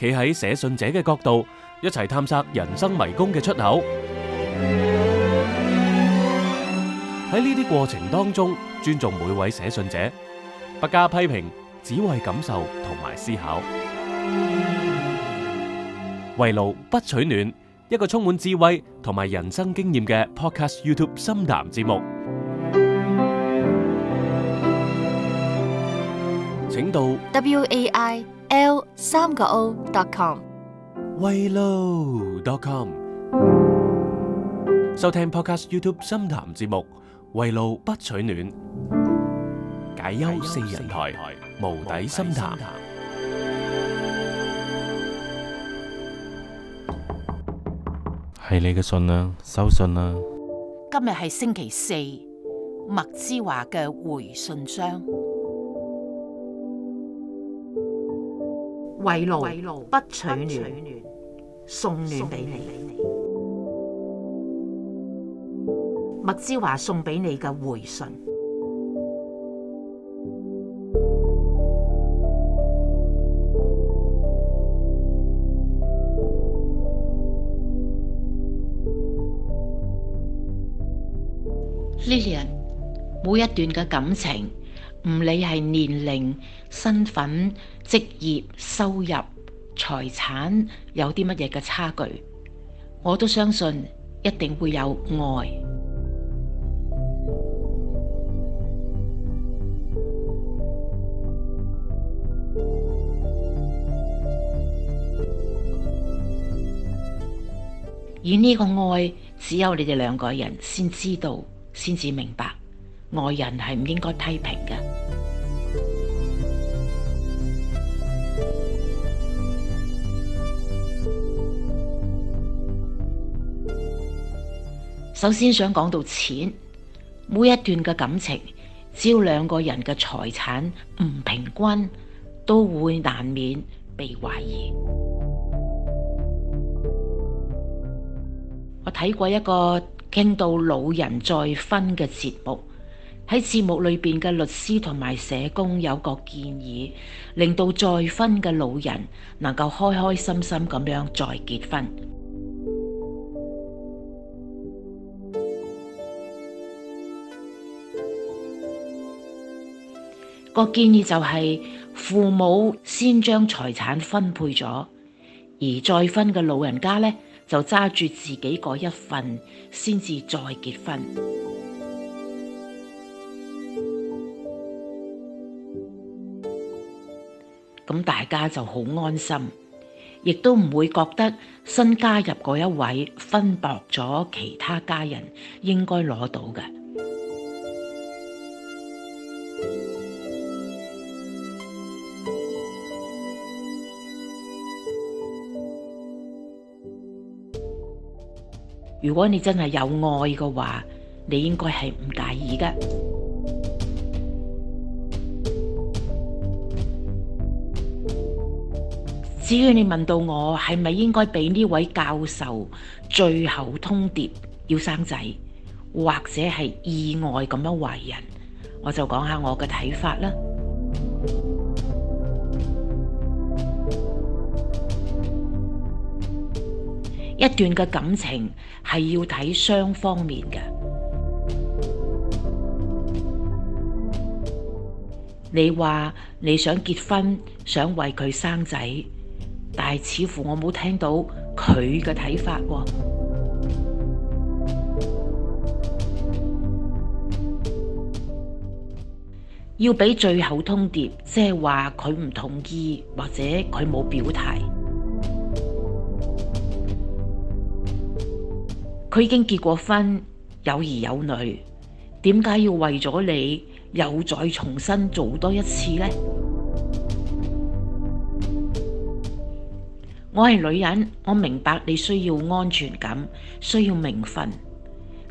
企喺寫信者嘅角度，一齊探索人生迷宮嘅出口。喺呢啲過程當中，尊重每位寫信者，不加批評，只為感受同埋思考。圍爐不取暖，一個充滿智慧同埋人生經驗嘅 Podcast YouTube 深談節目，請到 WAI。l 三個 o dot com，威路 dot com，收聽 Podcast YouTube 深談節目，威路不取暖，解憂四人台，無底深談，係你嘅信啊，收信啊，今日係星期四，麥之華嘅回信箱。慰勞不取暖，送暖俾你。麥之華送俾你嘅回信。Lillian，每一段嘅感情。唔理係年齡、身份、職業、收入、財產有啲乜嘢嘅差距，我都相信一定會有愛。而呢個愛，只有你哋兩個人先知道，先至明白。愛人係唔應該批評嘅。首先想講到錢，每一段嘅感情，只要兩個人嘅財產唔平均，都會難免被懷疑。我睇過一個傾到老人再婚嘅節目，喺節目裏邊嘅律師同埋社工有個建議，令到再婚嘅老人能夠開開心心咁樣再結婚。個建議就係父母先將財產分配咗，而再婚嘅老人家呢，就揸住自己嗰一份，先至再結婚。咁 大家就好安心，亦都唔會覺得新加入嗰一位分薄咗其他家人應該攞到嘅。如果你真係有愛嘅話，你應該係唔介意嘅。至於你問到我係咪應該俾呢位教授最後通牒要生仔，或者係意外咁樣懷孕，我就講下我嘅睇法啦。一段嘅感情係要睇雙方面嘅。你話你想結婚，想為佢生仔，但係似乎我冇聽到佢嘅睇法喎、哦。要俾最後通牒，即係話佢唔同意或者佢冇表態。佢已經結過婚，有兒有女，點解要為咗你又再重新做多一次呢？我係女人，我明白你需要安全感，需要名分，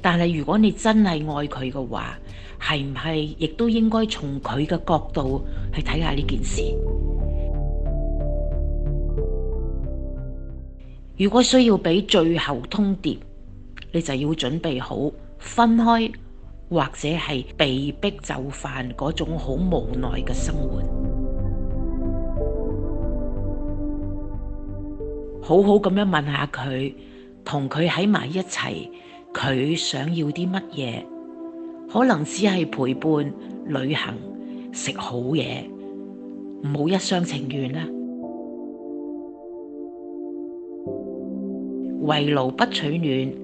但係如果你真係愛佢嘅話，係唔係亦都應該從佢嘅角度去睇下呢件事？如果需要俾最後通牒，你就要準備好分開，或者係被逼就範嗰種好無奈嘅生活。好好咁樣問下佢，同佢喺埋一齊，佢想要啲乜嘢？可能只係陪伴、旅行、食好嘢，唔好一廂情願啦。為勞不取暖。